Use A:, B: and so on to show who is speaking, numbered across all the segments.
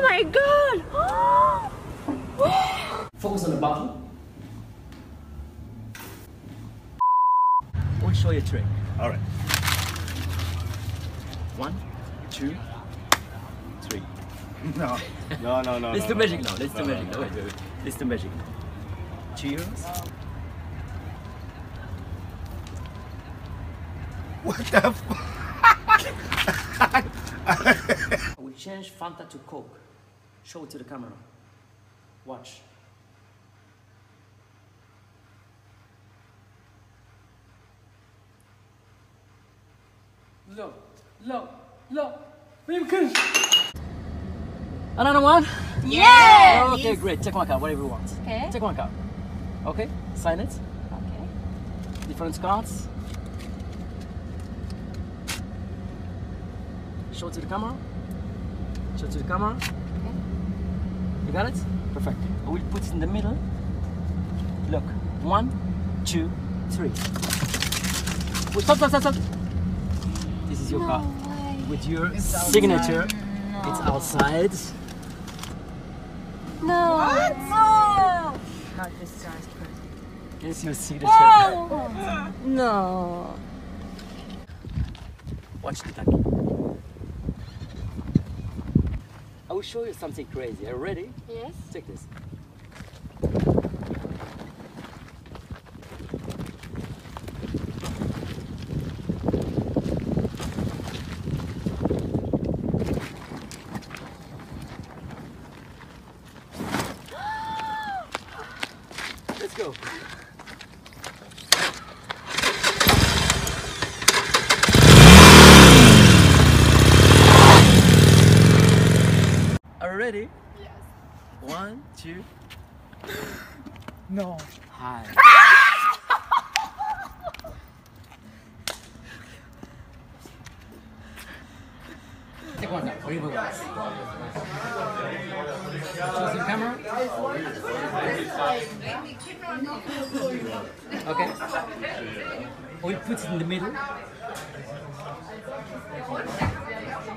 A: Oh my god! Focus on the bottle. We'll show you a trick. Alright. One, two, three. No, no, no, no. Let's no, do no, magic no. now. Let's do magic now. Wait, wait, wait. Let's do magic Cheers. What the fuck? change Fanta to Coke. Show it to the camera. Watch. Look, look, look. Another one? Yeah! Okay, great. Take one card, whatever you want. Okay. Take one card. Okay, sign it. Okay. Different cards. Show it to the camera. So to the camera. Okay. You got it? Perfect. I will put it in the middle. Look. One, two, three. Oh, stop, stop, stop, stop. This is your no car. Way. With your it's signature. No. It's outside. No. What? No. God, this guy's crazy. It's your signature. Oh. no. Watch the ducky. will show you something crazy. Are you ready? Yes. Take this. Let's go. ready? Yes. One, two. No. Hi. Seconda, horrible. Choosing camera. Okay. We put it in the middle.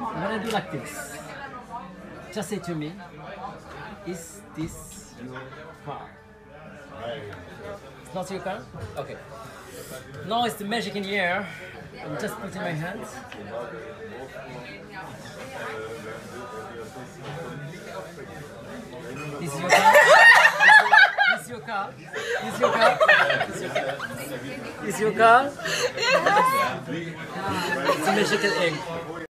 A: I'm gonna do like this. Just say to me, is this your car? It's not your car? Okay. Now it's the magic in the air. I'm just putting my hands. This is your car?
B: is your car? is your
A: car? is your car? This is your car? This is It's a magical egg.